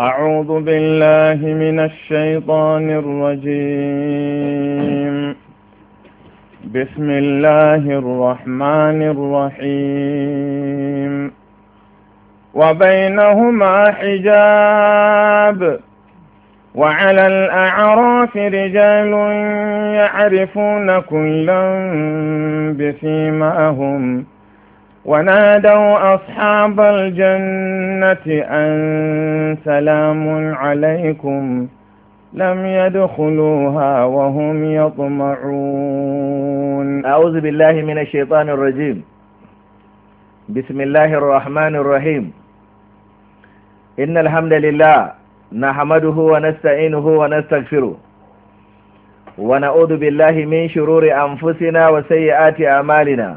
أعوذ بالله من الشيطان الرجيم بسم الله الرحمن الرحيم وبينهما حجاب وعلى الأعراف رجال يعرفون كلا بسيماهم ونادوا أصحاب الجنة أن سلام عليكم لم يدخلوها وهم يطمعون أعوذ بالله من الشيطان الرجيم بسم الله الرحمن الرحيم إن الحمد لله نحمده ونستعينه ونستغفره ونعوذ بالله من شرور أنفسنا وسيئات أعمالنا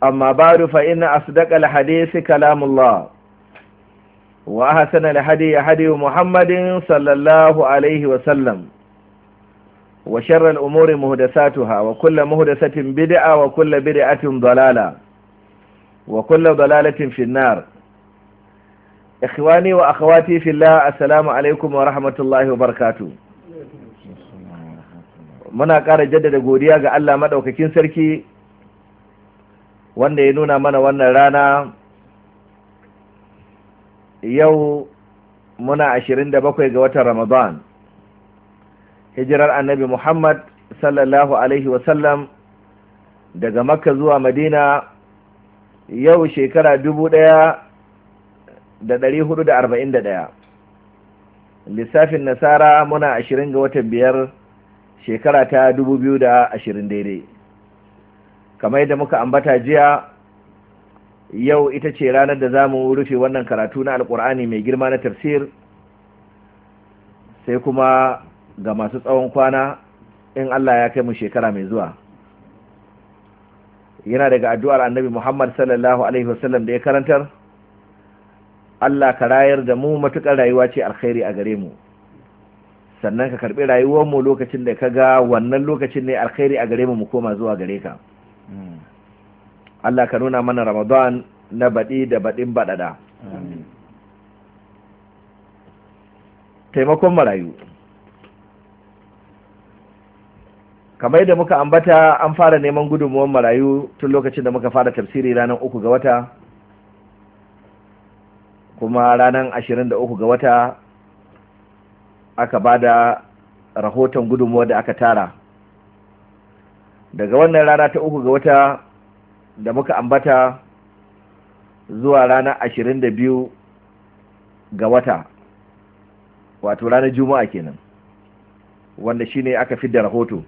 amma ba da fa’ina a su daƙa lahadisi wa hasana lahadi ya hadi muhammadin sallallahu alaihi wasallam wa sharar umuri muhdasatuha wa kulla muhdasatin bid'a wa kulla bid'atin dalala wa kulla dalalatin finnar ikhwani wa akhawati fillah assalamu alaikum wa rahmatullahi wa barakatuh muna ƙara jaddada godiya ga Allah maɗaukacin sarki wanda ya nuna mana wannan rana yau muna ashirin da bakwai ga watan ramadan hijirar annabi muhammad sallallahu alaihi wasallam daga makka zuwa madina yau shekara dubu ɗaya da ɗari hudu da arba'in da ɗaya lissafin nasara muna ashirin ga watan biyar shekara ta dubu biyu da ashirin daidai kamar yadda muka ambata jiya yau ita ce ranar da za mu rufe wannan karatu na alkur'ani mai girma na tafsir sai kuma ga masu tsawon kwana in allah ya kai mu shekara mai zuwa yana daga addu'ar annabi muhammad sallallahu alaihi wasallam da ya karantar allah ka rayar da mu matukar rayuwa ce alkhairi a gare mu sannan ka karɓi mu lokacin da ka ga wannan lokacin ne alkhairi a gare mu mu koma zuwa gare ka Allah ka nuna mana Ramadan na baɗi da baɗin baɗaɗa. Taimakon marayu. Kamar yadda muka ambata an fara neman gudunmuwan marayu tun lokacin da muka fara tafsiri ranar uku ga wata, kuma ranar ashirin da uku ga wata aka ba rahoton gudunmuwa da aka tara. Daga wannan rana ta uku ga wata da muka ambata zuwa ranar ashirin da biyu ga wata wato ranar juma'a kenan wanda shine aka fi da rahoto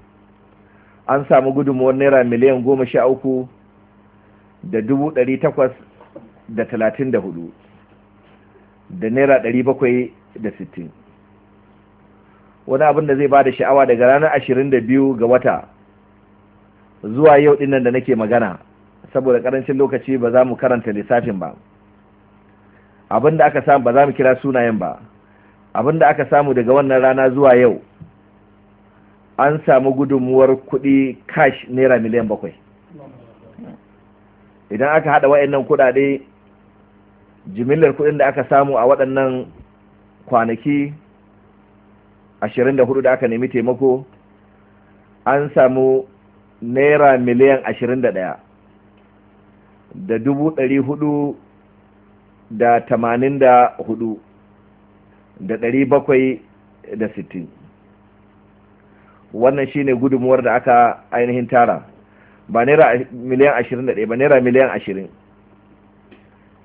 an samu gudunmuwar naira miliyan goma sha uku da dubu ɗari takwas da talatin da hudu da naira ɗari bakwai da sittin wani abin da zai ba da sha'awa daga ranar ashirin da biyu ga wata zuwa yau dinnan da nake magana saboda karancin lokaci ba za mu karanta lissafin ba abinda aka samu ba za mu kira sunayen ba abinda aka samu daga wannan rana zuwa yau an samu gudunmuwar kudi cash naira miliyan bakwai idan aka hada waɗannan kudade jimillar kudin da aka samu a waɗannan kwanaki 24 da aka nemi taimako an samu naira miliyan 21 da dubu ɗari hudu da tamanin da hudu da ɗari bakwai da sittin wannan shine gudunmuwar da aka ainihin tara ba naira miliyan ashirin da ɗaya ba naira miliyan ashirin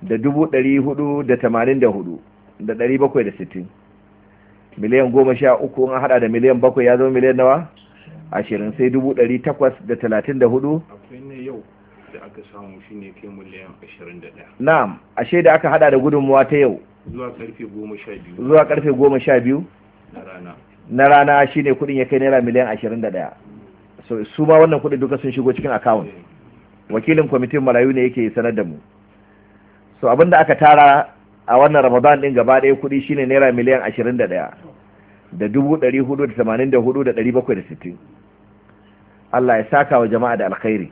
da dubu ɗari hudu da tamanin da hudu da ɗari bakwai da sittin miliyan goma sha uku an hada da miliyan bakwai ya zama miliyan nawa ashirin sai dubu ɗari takwas da talatin da hudu da aka samu ne kai miliyan 21 na'am ashe da aka hada da gudunmuwa ta yau zuwa karfe 12 zuwa karfe 12 na rana na rana shine kudin ya kai naira miliyan 21 so su ma wannan kudin duka sun shigo cikin account eh. wakilin kwamitin marayu ne yake sanar da mu so abinda aka tara a wannan ramadan din gaba ɗaya shi shine naira miliyan 21 da da da sittin Allah ya saka wa jama'a da alkhairi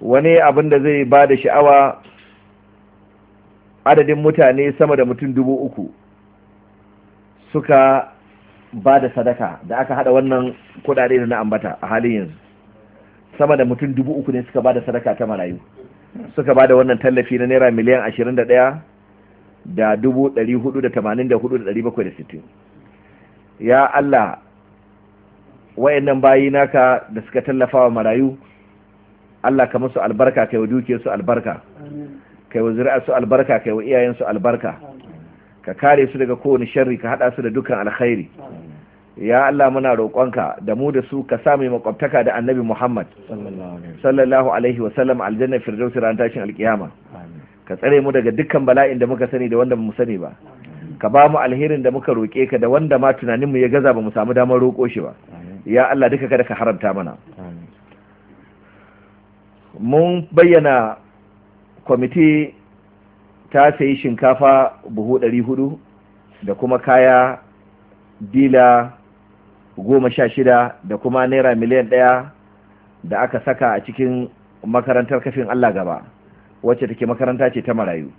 wani abin da zai ba da sha'awa adadin mutane sama da mutum dubu uku suka ba da sadaka da aka hada wannan kudade da na ambata a halin yanzu sama da mutum dubu uku ne suka ba da sadaka ta marayu suka ba da wannan tallafi na naira miliyan ashirin da ɗaya da dubu ɗari hudu da tamanin da hudu da ɗari bakwai da sittin ya allah wayannan bayi naka da suka tallafa wa marayu Allah ka musu albarka kai wa su albarka kai wa su albarka kai wa su albarka ka kare su daga kowane sharri ka hada su da dukkan alkhairi ya Allah muna roƙonka da mu da su ka sa mu makwabtaka da Annabi Muhammad sallallahu alaihi wa sallam aljanna firdausi ran tashin alkiyama ka tsare mu daga dukkan bala'in da muka sani da wanda mu sani ba ka ba mu alherin da muka roƙe ka da wanda ma tunanin mu ya gaza ba mu samu damar roƙo shi ba ya Allah duka kada ka haramta mana mun bayyana kwamiti ta sayi shinkafa buhu ɗari hudu da kuma kaya dila goma sha shida da kuma naira miliyan ɗaya da aka saka a cikin makarantar kafin Allah gaba wacce take makaranta ce ta marayu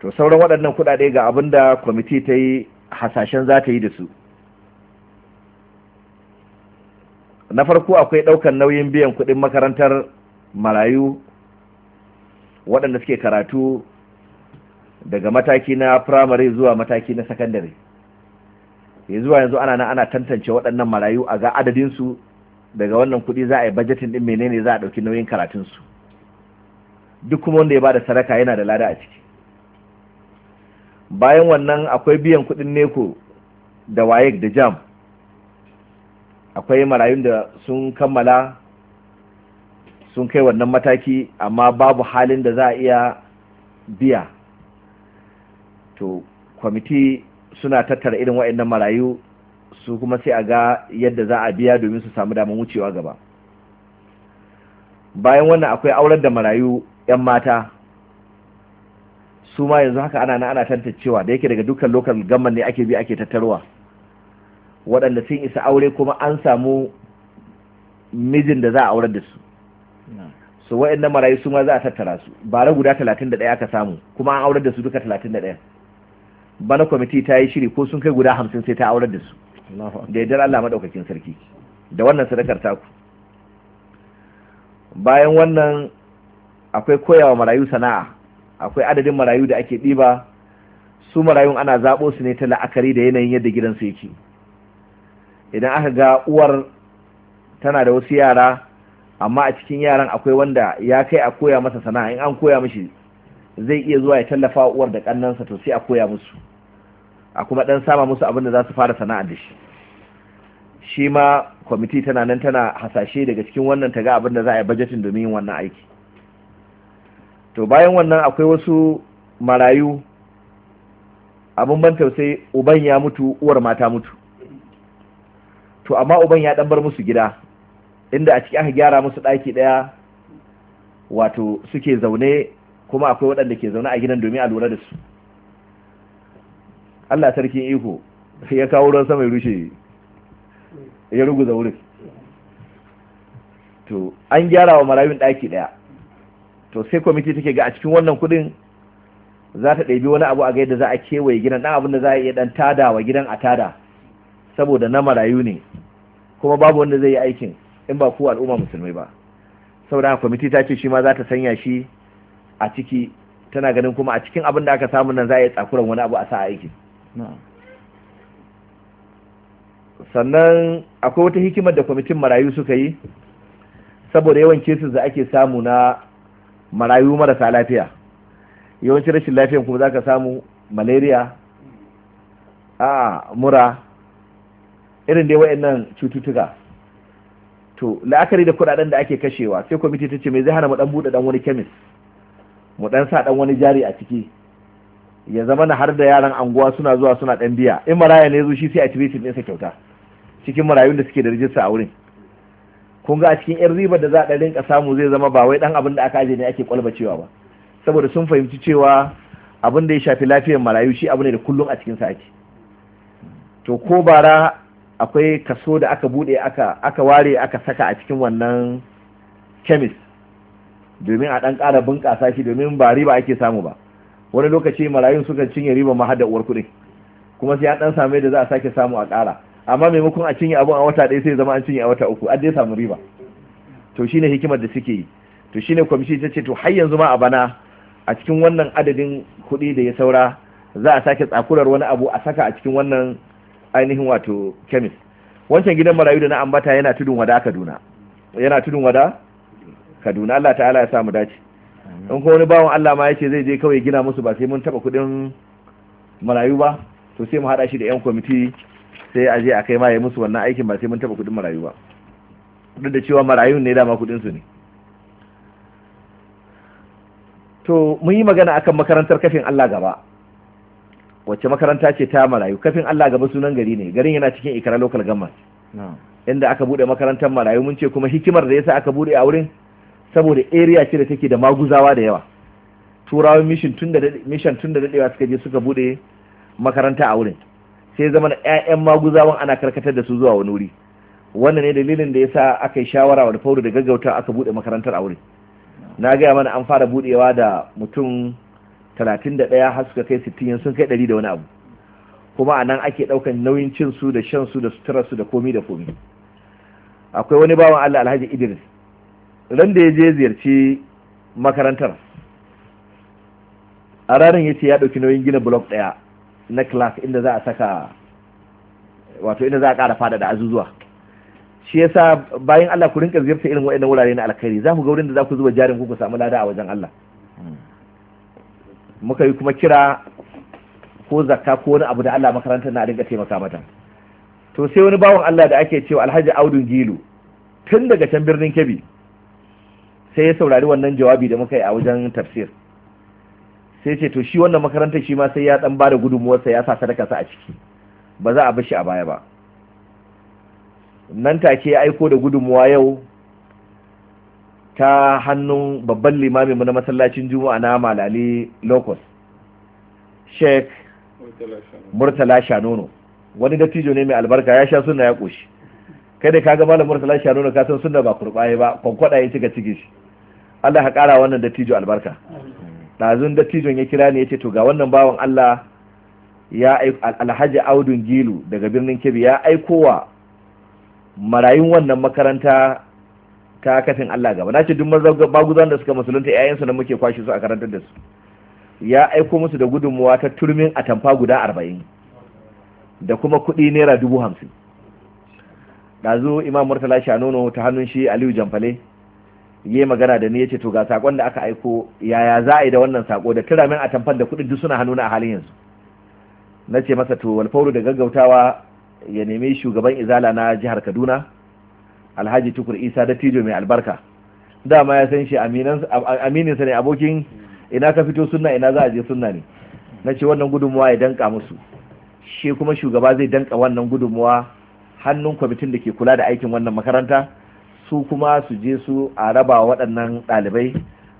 to sauran waɗannan kuɗaɗe ga abin da kwamiti ta yi hasashen za ta yi da su na farko akwai ɗaukar nauyin biyan kuɗin makarantar marayu waɗanda suke karatu daga mataki na firamare zuwa mataki na sakandare zuwa yanzu ana na ana tantance waɗannan marayu a ga adadinsu daga wannan kuɗi za a yi bajetin ɗin menene za a ɗauki nauyin karatunsu duk kuma wanda ya ba da sadaka yana da lada a ciki bayan wannan akwai biyan kuɗin neko da wayek da jam akwai marayun da sun kammala sun kai wannan mataki amma babu halin da za a iya biya to kwamiti suna tattara irin waɗannan marayu su kuma sai a ga yadda za a biya domin su samu damar wucewa gaba bayan wannan akwai aurar da marayu 'yan mata su ma yanzu haka ana na ana tantancewa da yake daga dukkan lokal gamman ne ake bi ake tattarwa waɗanda sun isa aure kuma an samu mijin da za a aurar da su wa'in na marayu su ma za a tattara su bara guda talatin da ɗaya aka samu kuma an aurar da su duka talatin da ɗaya bana kwamiti ta yi shiri ko sun kai guda hamsin sai ta aurar da su da yardar Allah maɗaukakin sarki da wannan sadakar taku bayan wannan akwai koyawa marayu sana'a akwai adadin marayu da ake ɗiba su marayun ana zaɓo su ne ta la'akari da yanayin yadda gidansu yake idan aka ga uwar tana da wasu yara amma a cikin yaran akwai wanda ya kai a koya masa sana'a in an koya mishi zai iya zuwa ya tallafa uwar da kannansa to sai a koya musu a kuma dan sama musu abin da za su fara sana'a da shi shi ma kwamiti tana nan tana hasashe daga cikin wannan ta ga abin da za a yi bajetin domin wannan aiki to bayan wannan akwai wasu marayu abin ban tausayi uban ya mutu uwar mata mutu to amma uban ya dan bar musu gida inda a ciki aka gyara musu ɗaki ɗaya wato suke zaune kuma akwai waɗanda ke zaune a gidan domin a lura da su Allah sarkin iko ya kawo ruwan sama ya rushe ya ruguza wurin to an gyara wa marayun ɗaki ɗaya to sai kwamiti take ga a cikin wannan kudin za ta ɗabi wani abu a ga yadda za a kewaye gidan ɗan abin da za a iya ɗan tada wa gidan a tada saboda na marayu ne kuma babu wanda zai yi aikin in ba ku al'umma musulmai ba saboda kwamiti ta ce shi ma za ta sanya shi a ciki tana ganin kuma a cikin abin da aka samu nan za a yi tsakuran wani abu a sa aiki sannan akwai wata hikimar da kwamitin marayu suka yi saboda yawan kesin da ake samu na marayu marasa lafiya yawancin rashin lafiyan kuma za ka samu malaria a mura irin dai wayannan cututtuka to la'akari da kuɗaɗen da ake kashewa sai kwamiti ta ce mai zai hana mu dan buɗe dan wani kemis mu dan sa dan wani jari a ciki ya zama na har da yaran anguwa suna zuwa suna dan biya in maraya ne zo shi sai a cire shi ɗinsa kyauta cikin marayun da suke da rijista a wurin kun ga a cikin yan ribar da za a rinka samu zai zama ba wai dan abin da aka aje ne ake kwalbacewa ba saboda sun fahimci cewa abin da ya shafi lafiyar marayu shi abu ne da kullum a cikin sa ake to ko bara akwai kaso da aka bude aka ware aka saka a cikin wannan kemis domin a dan kara bunƙasa shi domin ba riba ake samu ba wani lokaci marayun sukan cinye riba ma hada uwar kuɗi kuma sai an dan same da za a sake samu a kara amma maimakon a cinye abun a wata ɗaya sai zama an cinye a wata uku an dai samu riba to shine hikimar da suke yi to shine kwamishi ta ce to har yanzu ma a bana a cikin wannan adadin kuɗi da ya saura za a sake tsakurar wani abu a saka a cikin wannan ainihin wato kemis wancan gidan marayu da na ambata yana tudun wada kaduna yana tudun wada kaduna allah ta'ala ya samu dace in ko wani bawan allah ma ya ce zai je kawai gina musu ba sai mun taba kudin marayu ba to sai mu hada shi da yan kwamiti sai a je a kai ma ya musu wannan aikin ba sai mun taba kudin marayu ba duk da cewa marayu ne dama kudin su ne to mun yi magana akan makarantar kafin allah gaba wacce makaranta ce ta marayu kafin Allah gaba sunan gari ne garin yana cikin ikara local government inda aka bude makarantar marayu mun ce kuma hikimar da yasa aka bude a wurin saboda area ce da take da maguzawa da yawa turawan mission tun da mission tun da dadewa suka je suka bude makaranta a wurin sai zama ƴaƴan maguzawan ana karkatar da su zuwa wani wuri wannan ne dalilin da yasa aka yi shawara da fauru da gaggauta aka bude makarantar a wurin na gaya mana an fara budewa da mutum talatin da ɗaya har suka kai sittin sun kai ɗari da wani abu kuma a nan ake ɗaukan nauyin cin su da shan su da suturar su da komi da komi akwai wani bawan Allah Alhaji Idris ran da ya je ziyarci makarantar a ranar ya ce ya ɗauki nauyin gina blok ɗaya na class inda za a saka wato inda za a ƙara fada da azuzuwa shi yasa bayan Allah ku rinka ziyarta irin waɗannan wurare na alkhairi za ku ga wurin da za ku zuba jarin ku ku samu lada a wajen Allah muka yi kuma kira ko zakka ko wani abu da Allah makaranta na dinga taimaka mata to sai wani bawan Allah da ake cewa Alhaji Audu Gilu tun daga can birnin Kebbi sai ya saurari wannan jawabi da muka yi a wajen tafsir sai ce to shi wannan makarantar shi ma sai ya dan bada sa ya sa sadaka sa a ciki ba za a bar shi a baya ba nan take ya aiko da gudunmuwa yau ta hannun babban limamin mu na masallacin juma'a na malali locus sheikh murtala shanono wani dattijo ne mai albarka ya sha suna ya koshi kai da kaga malam murtala shanono ka san suna ba kurbaye ba kwankwada ya cika ciki shi Allah ya kara wannan dattijo albarka ɗazun dattijon ya kira ni ya ce to ga wannan bawan Allah ya alhaji audun gilu daga birnin kebbi ya aiko wa marayun wannan makaranta ta kafin Allah gaba na ce duk maguzan da suka musulunta yayansu na muke kwashi su a karantar da su ya aiko musu da gudunmuwa ta turmin atamfa guda arba'in da kuma kuɗi naira dubu hamsin ɗazu imam murtala shanono ta hannun shi aliyu jamfale yi magana da ni ya ce to ga saƙon da aka aiko yaya za a yi da wannan saƙo? da turamin a da kuɗin duk suna hannuna a halin yanzu na ce masa to walfauru da gaggautawa ya nemi shugaban izala na jihar kaduna alhaji tukur isa da tijo mai albarka dama ya san shi amininsa ne abokin ina ka fito sunna ina za a je sunna ne na ce wannan gudunmuwa ya danka musu shi kuma shugaba zai danka wannan gudunmuwa hannun kwamitin da ke kula da aikin wannan makaranta su kuma su je su a raba waɗannan ɗalibai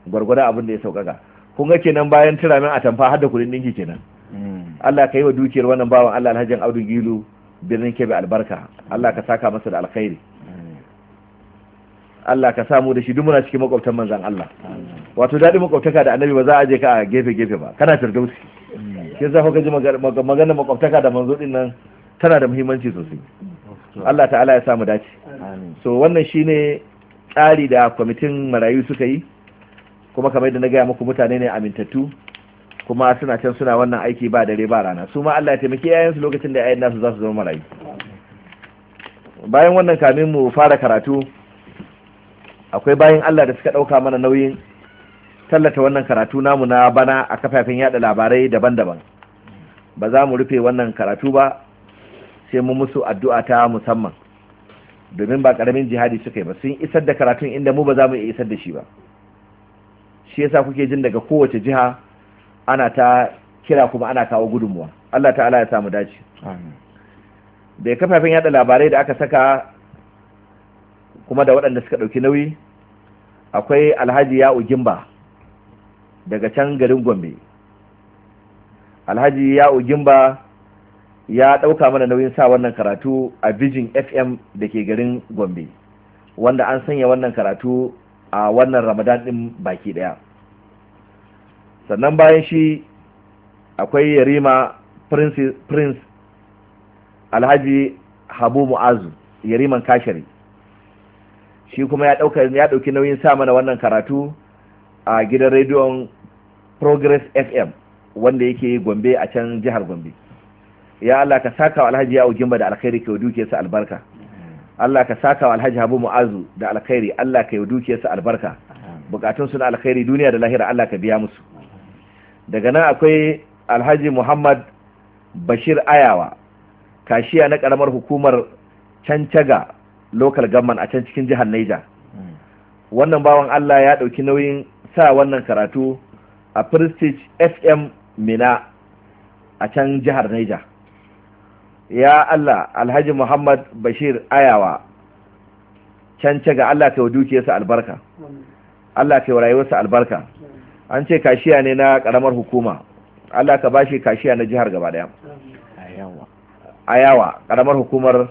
gwargwadon abin da ya sauƙaƙa kun ga kenan bayan a atamfa har da kuɗin ɗinki kenan hmm. Allah ka yi wa dukiyar wannan bawan Allah alhajin Audu Gilu birnin Kebe albarka Allah ka saka masa da alkhairi Allah ka samu da shi duk muna cikin makwabtan manzan Allah wato daɗi makwabtaka da annabi ba za a je ka a gefe gefe ba kana firdausi ke za ka ji maganar makwabtaka da manzo din nan tana da muhimmanci sosai Allah ta'ala ya samu dace so wannan shine tsari da kwamitin marayu suka yi kuma kamar yadda na gaya muku mutane ne amintattu kuma suna can suna wannan aiki ba dare ba rana su ma Allah ya taimaki yayansu lokacin da yayan nasu za su zama marayu bayan wannan kamin mu fara karatu akwai bayan Allah da suka ɗauka mana nauyin tallata wannan karatu namu na bana a kafafen yaɗa labarai daban-daban ba za mu rufe wannan karatu ba sai mu musu addu'a ta musamman domin ba karamin jihadi suka yi ba sun isar da karatun inda mu ba za mu iya isar da shi ba shi yasa kuke jin daga kowace jiha ana ta kira kuma ana kawo gudunmuwa Allah ta'ala ya samu dace bai kafafen yaɗa labarai da aka saka kuma da waɗanda suka ɗauki nauyi akwai alhaji ya ugimba daga can garin gombe alhaji ya ugimba ya ɗauka mana nauyin sa wannan karatu a bijin fm da ke garin gombe wanda an sanya wannan karatu a wannan ramadan ɗin baki ɗaya sannan bayan shi akwai yarima prince alhaji habu mu'azu yariman kashari shi kuma ya ɗauka ya ɗauki nauyin sa mana wannan karatu a gidan rediyon Progress FM wanda yake Gombe a can jihar Gombe ya Allah ka saka wa Alhaji ya Ugimba da alkhairi ka duke sa albarka Allah ka saka wa Alhaji Habu Mu'azu da alkhairi Allah ka duke sa albarka bukatun su na alkhairi duniya da lahira Allah ka biya musu daga nan akwai Alhaji Muhammad Bashir Ayawa kashiya na karamar hukumar Cancaga local government a can cikin jihar Niger hmm. wannan bawan Allah ya ɗauki nauyin sa wannan karatu a Prestige FM Mina a can jihar Niger ya Allah Alhaji Muhammad Bashir Ayawa can ce ga Allah ka dukiyarsa albarka Allah ka rayuwarsa albarka an ce kashiya ne na karamar hukuma Allah ka bashi kashiya na jihar gaba daya ayawa karamar hukumar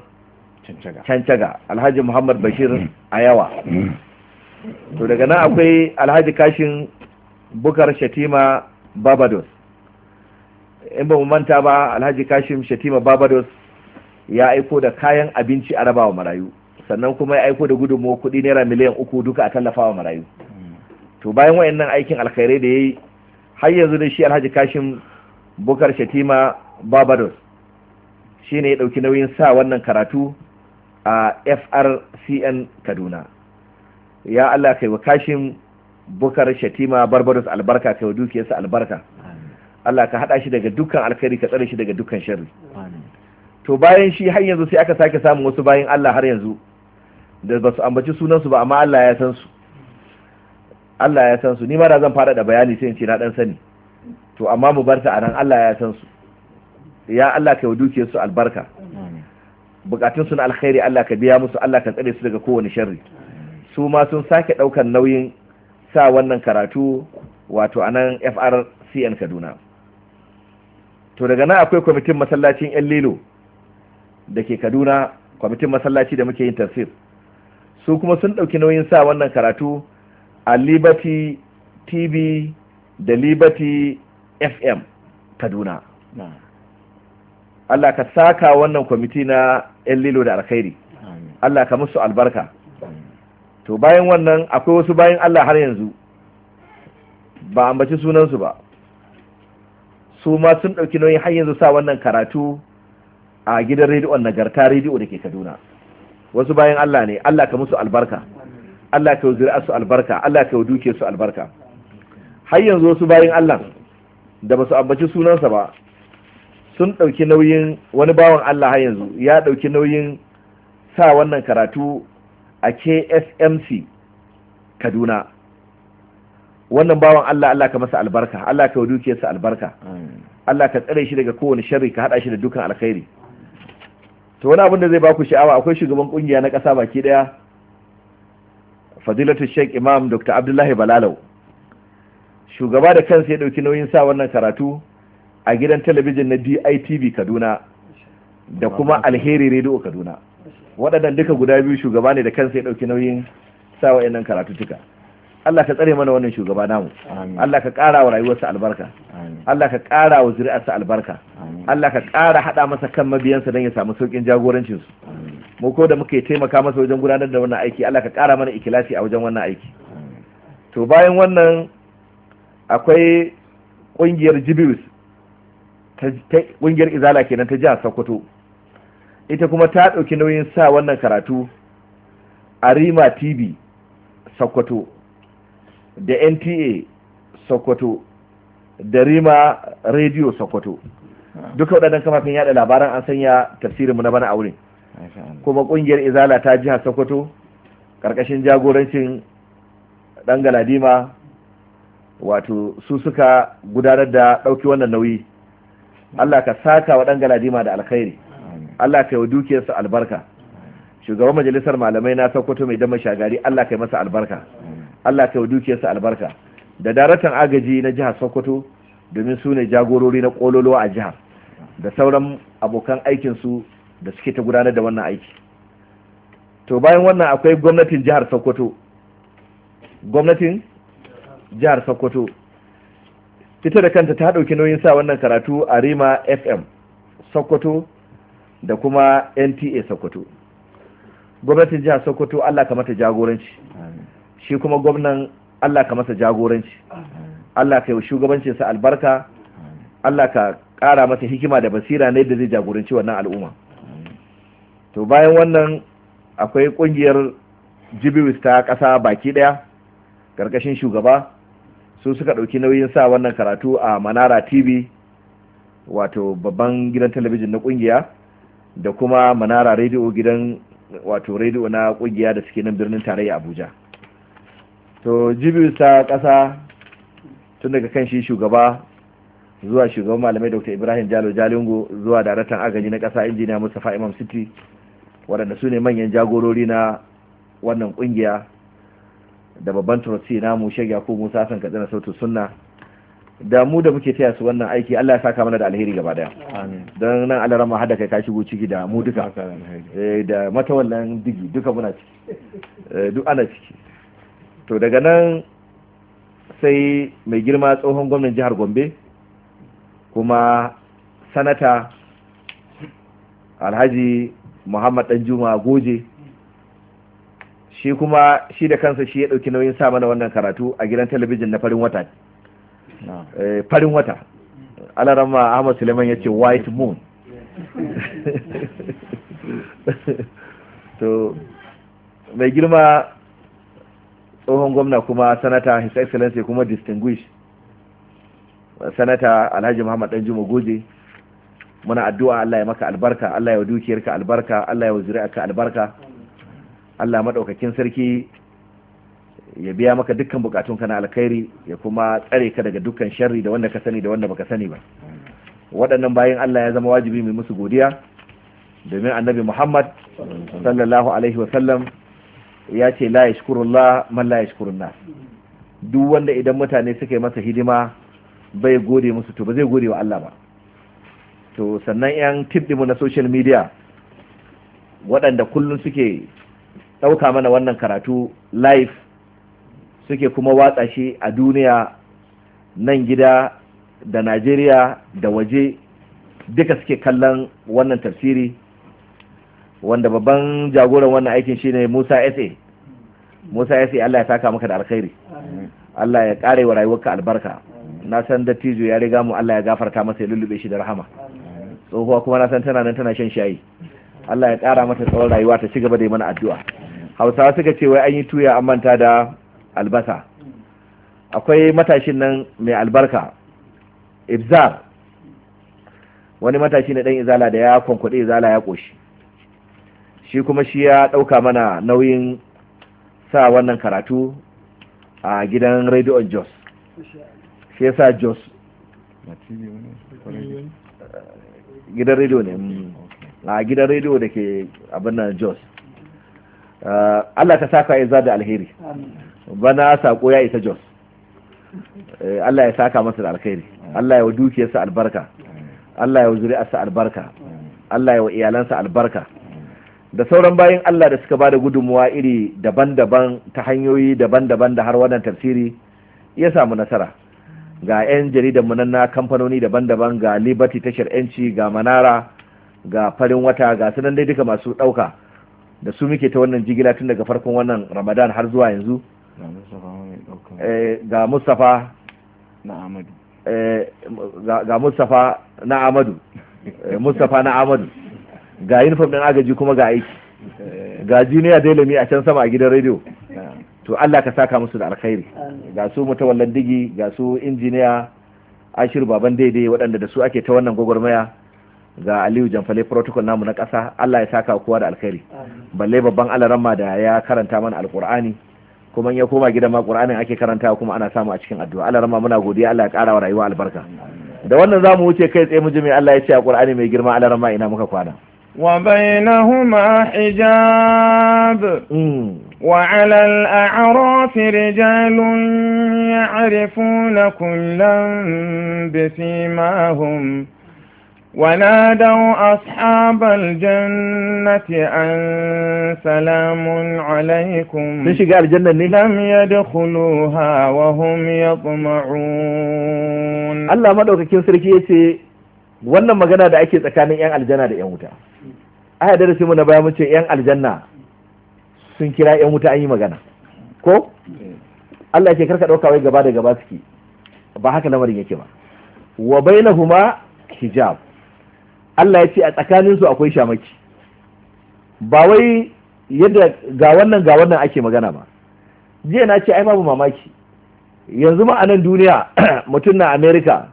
cancaga alhaji muhammad bashir mm. a yawa mm. to daga nan akwai alhaji kashin bukar shatima barbados in ba mu manta ba alhaji kashin shatima barbados ya aiko da kayan abinci a rabawa marayu sannan kuma ya aiko da gudunmu kuɗi naira miliyan uku duka a tallafawa marayu to bayan wayannan aikin alkhairai da ya yi har yanzu da shi alhaji kashin bukar shatima barbados shi ne ya ɗauki nauyin sa wannan karatu a frcn kaduna ya allah kai wa kashin bukar shatima barbaros albarka kai wa dukiyarsa albarka allah ka haɗa shi daga dukkan alkhairi ka tsare shi daga dukkan sharri to bayan shi har yanzu sai aka sake samun wasu bayan allah har yanzu da ba su ambaci sunansu ba amma allah ya san su allah ya san su ni ma da zan fara da bayani sai in ce na dan sani to amma mu bar ta a nan allah ya san su ya allah kai wa dukiyarsu albarka bukatun su na alkhairi Allah ka biya musu Allah ka tsare su daga kowane sharri su ma sun sake daukan nauyin sa wannan karatu wato a nan FRCN Kaduna to daga nan akwai kwamitin masallacin yan lilo da ke Kaduna kwamitin masallaci da muke yin tafsir su kuma sun dauki nauyin sa wannan karatu a Liberty TV da Liberty FM Kaduna. Allah ka saka wannan kwamiti na 'yan lilo da alkhairi Allah ka musu albarka to bayan wannan akwai wasu bayan Allah har yanzu ba ambaci sunansu ba su ma sun ɗauki nauyin har yanzu sa wannan karatu a gidan rediyon nagarta rediyo da ke kaduna wasu bayan Allah ne Allah ka musu albarka Allah ka zuri'a su albarka Allah ka duke su albarka har yanzu wasu bayan Allah da ba su ambaci sunansa ba sun ɗauki nauyin wani bawan Allah har yanzu ya ɗauki nauyin sa wannan karatu a KSMC Kaduna wannan bawan Allah Allah ka masa albarka Allah ka dukiyarsa albarka Allah ka tsare shi daga kowane sharri ka hada shi da dukan alkhairi to wani abin da zai baku sha'awa akwai shugaban kungiya na kasa baki daya Fadilatu Sheikh Imam Dr. Abdullahi Balalau shugaba da kansa ya dauki nauyin sa wannan karatu a gidan talabijin na DITV Kaduna da kuma Alheri rediyo Kaduna waɗannan duka guda biyu shugaba ne da kansa ya ɗauki nauyin sa wa'annan karatuttuka Allah ka tsare mana wannan shugaba namu Allah ka ƙara wa rayuwarsa albarka Allah ka ƙara wa zuri'arsa albarka Allah ka ƙara haɗa masa kan mabiyansa don ya samu sauƙin su mu ko da muke taimaka masa wajen gudanar da wannan aiki Allah ka ƙara mana ikilasi a wajen wannan aiki to bayan wannan akwai ƙungiyar Jibius ƙungiyar izala kenan ta jihar sokoto ita kuma ta ɗauki nauyin sa wannan karatu a rima tv sokoto da nta sokoto da rima radio sokoto duka waɗannan kamafin yada labaran an sanya tafsirinmu na bana a kuma ƙungiyar izala ta jihar sokoto ƙarƙashin jagorancin ɗan galadima wato su suka gudanar da ɗauki wannan nauyi Allah ka saka wa ɗan galadima da alkhairi Allah ka yi wa dukiyarsa albarka shugaban majalisar malamai na Sokoto mai dama shagari Allah ka yi masa albarka Allah ka yi wa dukiyarsa albarka da daratan agaji na jihar Sokoto domin su ne jagorori na kololo a jihar da sauran abokan aikin su da suke ta gudanar da wannan aiki to bayan wannan akwai gwamnatin jihar Sokoto gwamnatin jihar Sokoto ita da kanta ta ɗauki nauyin sa wannan karatu a rima fm sokoto da kuma nta sokoto gwamnatin jihar sokoto allah ka mata jagoranci shi kuma gwamnan allah ka masa jagoranci allah ka yi sa albarka allah ka ƙara masa hikima da basira ne da zai jagoranci wannan al'umma to bayan wannan akwai ƙungiyar jibiwis ta ƙasa baki ɗaya ƙarƙashin shugaba su suka ɗauki nauyin sa wannan karatu a manara tv wato babban gidan talabijin na ƙungiya da kuma manara rediyo gidan wato rediyo na ƙungiya da suke nan birnin tarayya abuja to jibiyu ta ƙasa tun daga kan shi shugaba zuwa shugaban malamai dr ibrahim jalo jalingo zuwa daraktan agaji na ƙasa injiniya mustapha imam city waɗanda su ne manyan jagorori na wannan ƙungiya da babban turasi namu shagya ko musa hassan katsina sautin sunna da mu da muke taya su wannan aiki Allah ya saka mana da alheri gaba daya don nan Allah rama hada kai ka shigo ciki da mu duka da eh, wannan digi duka muna ciki eh, duk ana ciki to daga nan sai mai girma tsohon gwamnan jihar Gombe kuma sanata Alhaji Muhammad Danjuma Goje shi kuma shi da kansa shi ya ɗauki nauyin sa mana wannan karatu a gidan talabijin na farin wata eh, farin wata alarama ahmad suleiman ya ce white moon to mai girma tsohon gwamna kuma sanata his excellency kuma distinguished sanata alhaji muhammad danjuma goje muna addu'a allah ya maka albarka allah ya wa dukiyarka albarka allah ya wa ka albarka Allah maɗaukakin sarki ya biya maka dukkan bukatun na alkhairi ya kuma tsare ka daga dukkan sharri da wanda ka sani da wanda baka sani ba waɗannan bayan Allah ya zama wajibi mai musu godiya domin annabi Muhammad sallallahu alaihi wa sallam ya ce la yashkurullah man la yashkurun nas duk wanda idan mutane suka yi masa hidima bai gode musu to ba zai gode wa Allah ba to sannan yan mu na social media waɗanda kullum suke ɗauka mana wannan karatu live suke kuma watsa shi a duniya nan gida da najeriya da waje duka suke kallon wannan tafsiri wanda babban jagoran wannan aikin shine musa sa musa sa allah ya saka maka da alkhairi allah ya kare wa rayuwarka albarka na san dattijo ya riga mu allah ya gafarta masa ya lullube shi da rahama tsohuwa kuma na san tana nan tana shan shayi allah ya ƙara mata tsawon rayuwa ta ci gaba da yi mana addu'a hausawa suka ce wai an yi tuya an manta da albasa akwai matashin nan mai albarka ibzar wani matashi na dan izala da ya kwankwaɗe izala ya ƙoshi shi kuma shi ya ɗauka mana nauyin sa wannan karatu a gidan radio jos shi ya sa jos gidan radio ne mm. a gidan radio da ke abin nan jos Allah ta saka ya da alheri bana sako ya isa jos eh, Allah ya saka masa da alheri Allah ya wa dukiyarsa albarka Allah ya wa zuri'arsa albarka Allah ya wa iyalansa albarka da sauran bayan Allah da suka bada gudunmuwa iri daban-daban ta hanyoyi daban-daban da har wannan tafsiri ya samu nasara ga 'yan jaridan mu kamfanoni daban-daban ga liberty tashar 'yanci ga manara ga farin wata ga sunan dai duka masu ɗauka da su muke ta wannan jigila tun daga farkon wannan ramadan har zuwa yanzu ga mustapha na amadu eh, ga mustapha na amadu eh, eh, mustapha na amadu ga uniform din agaji kuma ga aiki ga junior delami a can sama a gidan rediyo to allah ka saka musu da alkhairi ga su mutawallan digi ga su injiniya ashir baban daidai waɗanda da su ake ta wannan gwagwarmaya ga aliyu jamfale protocol namu na ƙasa allah ya saka kowa da alkhairi balle babban alaramma da ya karanta mana alkur'ani kuma ya koma gidan ma qur'anin ake karanta kuma ana samu a cikin addu'a alaramma muna godiya allah ya ƙara wa rayuwa albarka da wannan za mu wuce kai tsaye mu ji mai allah ya ce a qur'ani mai girma alaramma ina muka kwana وبينهما حجاب وعلى الأعراف رجال يعرفون كلا بسيماهم ونادوا أصحاب الجنة أن سلام عليكم لم يدخلوها وهم يطمعون الله مدعوك كيف سركي يتي wannan magana da ake tsakanin 'yan aljanna da 'yan wuta aya da rasu na baya mun ce 'yan aljanna sun kira 'yan wuta an yi magana ko Allah ke karka ɗauka wai gaba da gaba suke ba haka lamarin yake ba wa bainahuma hijab Allah ya ce a tsakaninsu akwai shamaki ba wai yadda ga wannan ga wannan ake magana ba jiya na ce ai babu mamaki yanzu ma a duniya mutum na america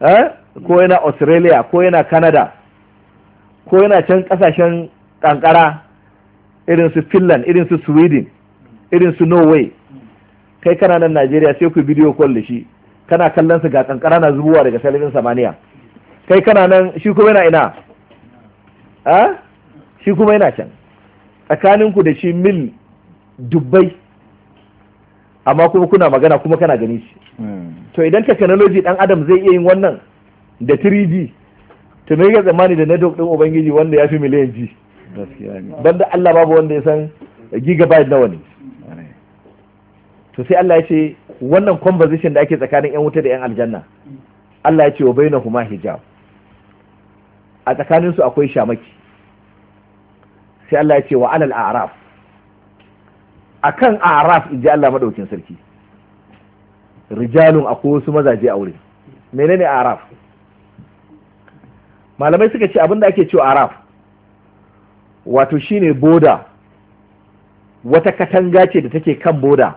eh? ko yana australia ko yana canada ko yana can kasashen kankara irin su finland irin su sweden irin su norway kai kana nan najeriya sai ku bidiyo call da shi kana kallon su ga kankara na zubuwa daga sararin samaniya kai kana nan shi kuma yana ina a shi kuma yana can tsakaninku da shi mil dubbai amma kuma kuna magana kuma kana gani shi hmm. to idan technology dan adam zai iya yin wannan da 3D to me ga zamani da network din ubangiji wanda ya fi miliyan ji banda Allah babu wanda ya san gigabyte nawa ne to sai Allah ya ce wannan conversation da ake tsakanin yan wuta da yan aljanna Allah ya ce wa bainahuma hijab a tsakaninsu akwai shamaki sai Allah ya ce wa alal araf akan araf inji Allah maɗaukin sarki rijalun akwai wasu mazaje a wurin menene araf malamai suka ce abinda ake cewa araf wato shine boda wata katanga ce da take kan boda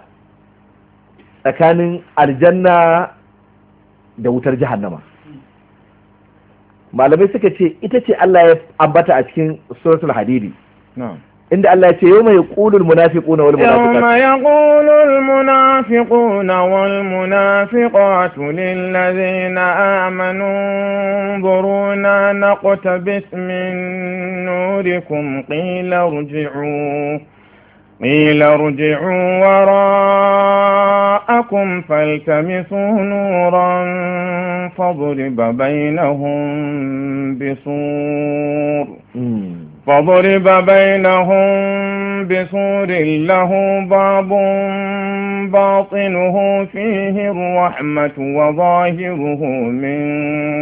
tsakanin aljanna da wutar jahannama malamai suka ce ita ce Allah ya ambata a cikin suratul hadidi inda Allah ya ce yau mai ƙulul munafiquna wal munafiqat yawma yaqulul munafiquna wal munafiqatu lil ladzina amanu buruna naqtabis min nurikum qila irji'u قيل ارجعوا وراءكم فالتمسوا نورا فضرب بينهم بسور فضرب بينهم بسور له باب باطنه فيه الرحمة وظاهره من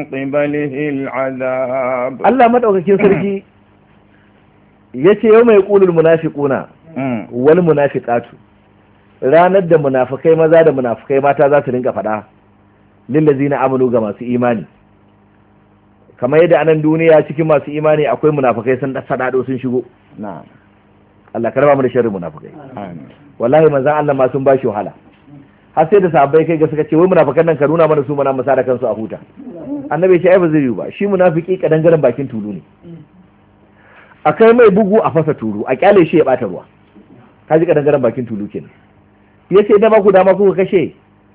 قبله العذاب الله مدعوك يا سرجي يتي يوم يقول المنافقون Mm. wal munafiqatu ranar da munafikai maza da munafikai mata za su rinka faɗa lillazina amanu ga masu imani kamar yadda anan duniya cikin masu imani akwai munafikai sun sadado sun shigo na'am Allah karba mu da sharri munafikai wallahi manzan Allah ma sun bashi wahala har sai da sahabbai kai ga suka ce wai munafikan nan ka nuna mana su mana masa da kansu a huta annabi ya ce ai ba zai yi ba shi munafiki kadangaren bakin tulu ne akai mai bugu a fasa turu a kyale shi ya bata ruwa ka ji kadangaren bakin tulu kenan ya ce idan ba ku dama kuka kashe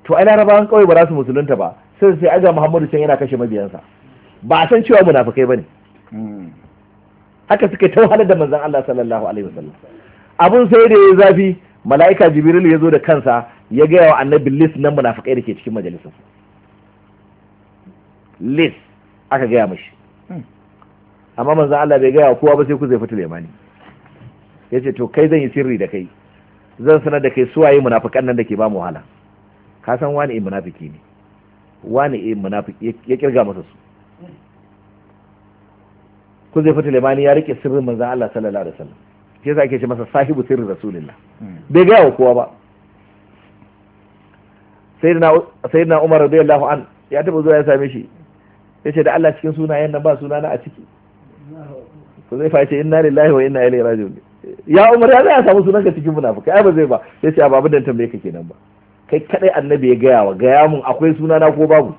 to ai larabawan kawai ba za su musulunta ba sai sai aja muhammadu can yana kashe mabiyansa ba a san cewa munafukai ne. Hmm. haka suka ta wahalar da manzon Allah sallallahu alaihi wasallam abun sai da ya zafi mala'ika jibril ya zo da kansa ya gaya wa annabi lis nan munafukai da ke cikin majalisar Lis aka gaya mashi hmm. amma manzon Allah bai gaya wa kowa ba sai ku zai fita lemani yace to kai zan yi sirri da kai zan sanar da kai suwaye munafikan nan da ke ba mu wahala ka san wani in eh munafiki ne wani in eh munafiki ya kirga masa su ku zai fita limani ya rike sirrin manzan Allah sallallahu alaihi wasallam shi yasa ake ce masa sahibu sirri rasulillah hmm. bai ga kowa ba sayyidina sayyidina Umar radiyallahu an ya taba zuwa ya same shi yace da Allah cikin sunayen nan ba sunana a ciki ku zai fa ce inna lillahi wa inna ilaihi raji'un ya umar ya zai samu sunanka cikin munafuka. ai ba zai ba sai ce abu babu dan tambaye ka kenan ba kai kadai annabi ya gaya wa gaya mun akwai sunana ko babu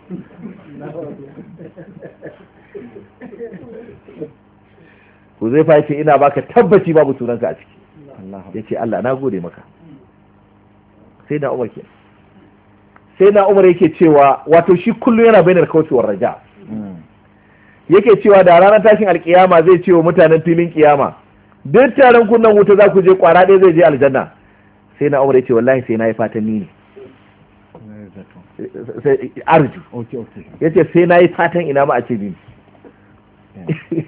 ku zai fa ce ina baka tabbaci babu sunanka a ciki ya ce Allah na gode maka sai na umar ke sai na umar yake cewa wato shi kullum yana bainar kaucewar raja hmm. yake cewa da ranar tashin alkiyama zai ce wa mutanen filin kiyama duk taron kunnan wuta za ku je kwara ɗaya zai je aljanna sai na umar ya ce wallahi sai na yi fatan ni ne arju ya ce sai na yi fatan ina ma a ce ni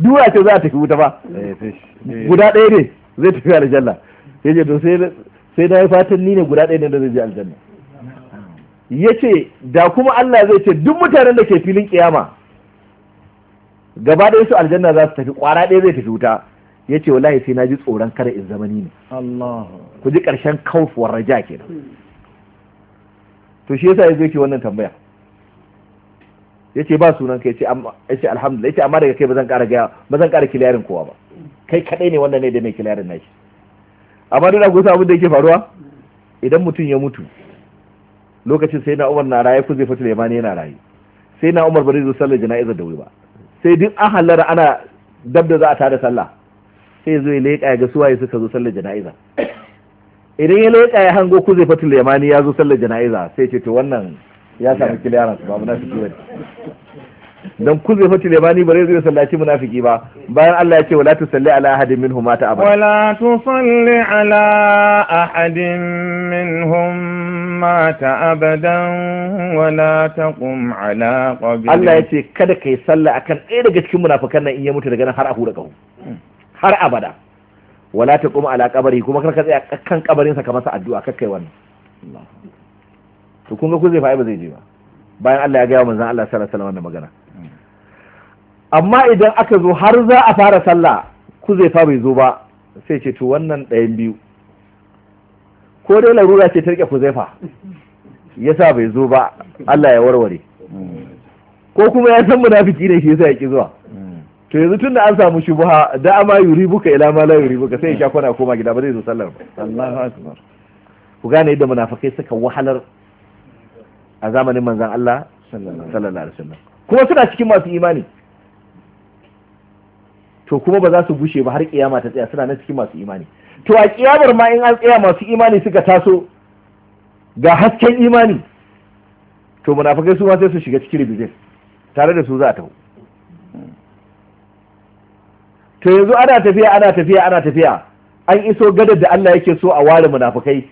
duwa ce za a tafi wuta ba eh, eh, eh. guda ɗaya ne zai tafi aljanna ya ce to sai na yi fatan ni ne guda ɗaya ne da zai je aljanna ya ce da kuma Allah zai ce duk mutanen da ke filin kiyama gaba ɗaya su aljanna za su tafi kwara ɗaya zai tafi wuta ya ce wallahi sai na ji tsoron kada in zama ni ne ku ji ƙarshen kaufuwar raja kenan to shi yasa ya zo ke wannan tambaya ya ce ba sunan ka ya ce alhamdulillah ya ce amma daga kai ba zan ƙara gaya ba zan ƙara kiliyarin kowa ba kai kaɗai ne wannan ne da mai kiliyarin nashi amma duk da kusa abin da yake faruwa idan mutum ya mutu lokacin sai na umar na raye ku zai fito lemani yana raye sai na umar ba zai zo sallar jana'izar da wuri ba sai duk an hallara ana dab da za a tada sallah sai zo ya leƙa ya ga suwaye suka zo sallar jana'iza idan ya leƙa ya hango ku zai fatul lemani ya zo sallar jana'iza sai ce to wannan ya samu kiliyaran ba munafiki bane dan ku zai fatul lemani ba zai sallaci munafiki ba bayan Allah ya ce wala salli ala ahadin minhum mata abada wala salli ala ahadin minhum mata abadan wala taqum ala qabri Allah ya ce kada kai a akan ɗaya daga cikin munafikan nan in ya mutu daga nan har a hura kahu har abada wala ta kuma ala kabari kuma karka tsaya kan kabarinsa ka masa addu'a kakkai wannan to kun ga ku zai fa'i ba zai je ba bayan Allah ya gaya wa manzon Allah sallallahu alaihi wasallam wannan magana amma idan aka zo har za a fara sallah ku zai fa bai zo ba sai ce to wannan ɗayan biyu ko dai larura ce ta rike ku zai fa yasa bai zo ba Allah ya warware ko kuma ya san munafiki ne shi yasa ya ki zuwa to yanzu da an samu buha da ama yuri buka ila ma la yuri buka sai ya sha kwana koma gida ba zai zo sallar ba Allahu akbar ku gane yadda munafikai suka wahalar a zamanin manzon Allah sallallahu alaihi wasallam kuma suna cikin masu imani to kuma ba za su gushe ba har kiyama ta tsaya suna nan cikin masu imani to a kiyamar ma in an tsaya masu imani suka taso ga hasken imani to munafikai su ma sai su shiga cikin rubuce tare da su za a tafi to yanzu ana tafiya ana tafiya ana tafiya an iso gadar da Allah yake so a ware munafukai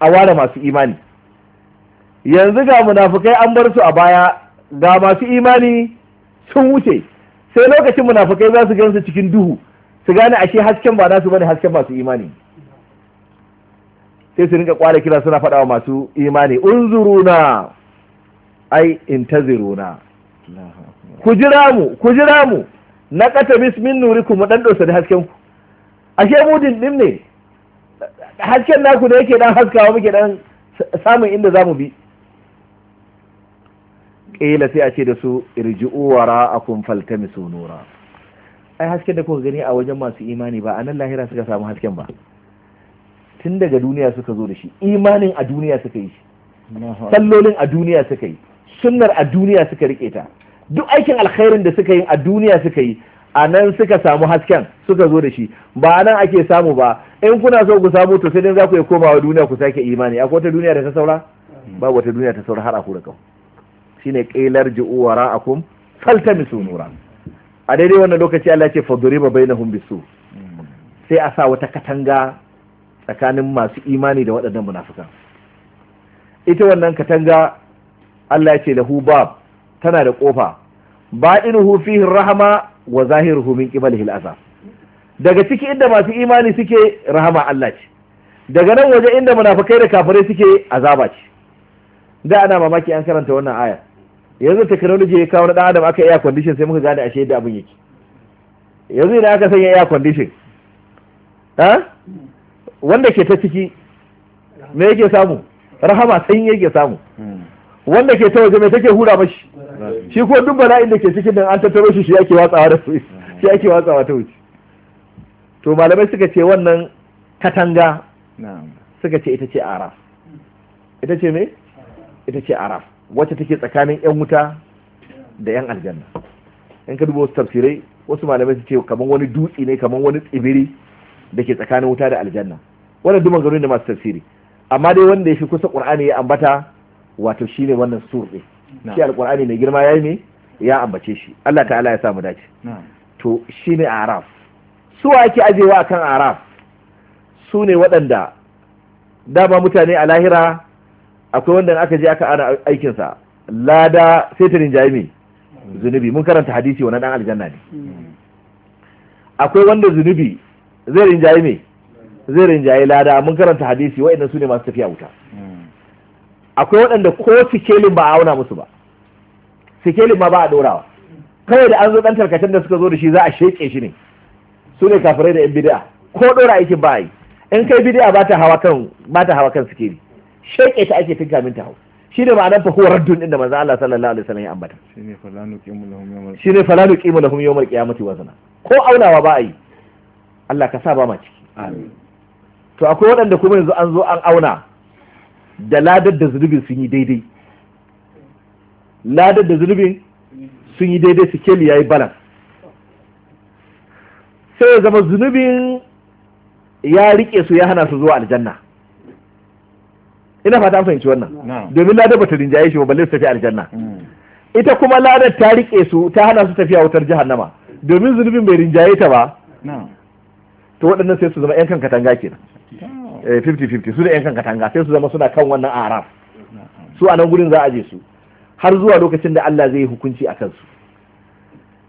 a ware masu imani yanzu ga munafukai an bar su a baya ga masu imani sun wuce sai lokacin munafukai za su gansu cikin duhu su gane ashe hasken ba nasu bane hasken masu imani sai su rinka kwara kira suna faɗa wa masu imani unzuruna ai intaziruna ku jira mu ku jira mu na kata min nuri mu dan dosa da hasken ku ashe mudin din ne hasken naku da yake dan haskawa muke dan samun inda zamu bi kila sai a ce da su irji'u wara'akum faltamisu nura ai hasken da kuka gani a wajen masu imani ba a nan lahira suka samu hasken ba tun daga duniya suka zo da shi imanin a duniya suka yi shi sallolin a duniya suka yi sunnar a duniya suka rike ta duk aikin alkhairin da suka yi a duniya suka yi a nan suka samu hasken suka zo da shi ba nan ake samu ba in kuna so ku samu to sai dai za ku iya komawa duniya ku sake imani akwai wata duniya da ta saura ba wata duniya ta saura har a kura shine qilar ju'u wara'akum faltamisu nura a daidai wannan lokaci Allah ya ce fadriba bainahum bisu sai a sa wata katanga tsakanin masu imani da waɗannan munafikan ita wannan katanga Allah ya ce lahu bab tana da kofa ba'inuhu fihi rahama wa zahiruhu min qibalihi al'azab daga ciki inda masu imani suke rahama Allah ce daga nan waje inda munafikai da kafirai suke azaba ce da ana mamaki an karanta wannan aya yanzu technology ya kawo na dan adam aka air condition sai muka gane ashe yadda abin yake yanzu idan aka sanya air condition ha wanda ke ta ciki me yake samu rahama sai yake samu hmm. wanda ke ta waje me take hura mashi shi ko duk bala'in da ke cikin nan an tattaro shi shi ake watsawa da su shi ake watsawa ta wuce to malamai suka ce wannan katanga suka ce ita ce araf ita ce me ita ce araf wacce take tsakanin yan wuta da yan aljanna in ka dubo wasu tafsirai wasu malamai su ce kamar wani dutse ne kamar wani tsibiri da ke tsakanin wuta da aljanna wannan duk gano ne masu tafsiri amma dai wanda ya fi kusa qur'ani ya ambata wato shine wannan sur din shi alkur'ani mai girma ya yi ne ya ambace shi Allah ta'ala ya samu mu dace to ne araf su ake ajewa kan araf su ne waɗanda dama mutane a lahira akwai wanda aka je aka ana aikinsa lada sai ta zunubi mun karanta hadisi wani dan aljanna ne akwai wanda zunubi zai rinjaye mai zai rinjaye lada mun karanta hadisi wa'annan su ne masu tafiya wuta akwai waɗanda ko sikelin ba a auna musu ba sikelin ma ba a ɗorawa kawai da an zo ɗan tarkacen da suka zo da shi za a sheƙe shi ne su ne kafirai da 'yan bidi'a ko ɗora aikin ba a yi in kai bidi'a ba ta hawa kan ba ta hawa kan sikeli sheƙe ta ake tinka min ta hau shi ne ma'anar fa huwa raddun inda manzo Allah sallallahu alaihi wasallam ya ambata shi ne falanu qimu lahum yawmal shi ya falanu qimu qiyamati wazna ko aunawa ba a yi Allah ka sa ba ma ciki amin to akwai waɗanda kuma yanzu an zo an auna da ladar da zunubin sun yi daidai ladar da zunubin sun yi daidai keli ya yi balan sai ya zama zunubin ya rike su ya hana su zuwa aljanna ina fata an fahimci wannan domin ladar bata rinjaye shi ba balle su tafi aljanna ita kuma ladar ta rike su ta hana su tafiya wutar jahannama domin zunubin bai rinjaye ta ba to waɗannan sai su zama 'yan kan katanga kenan 50-50 eh, su da yan katanga sai su zama suna kan wannan araf su a nan gurin za a je su har zuwa lokacin da Allah zai yi hukunci a kansu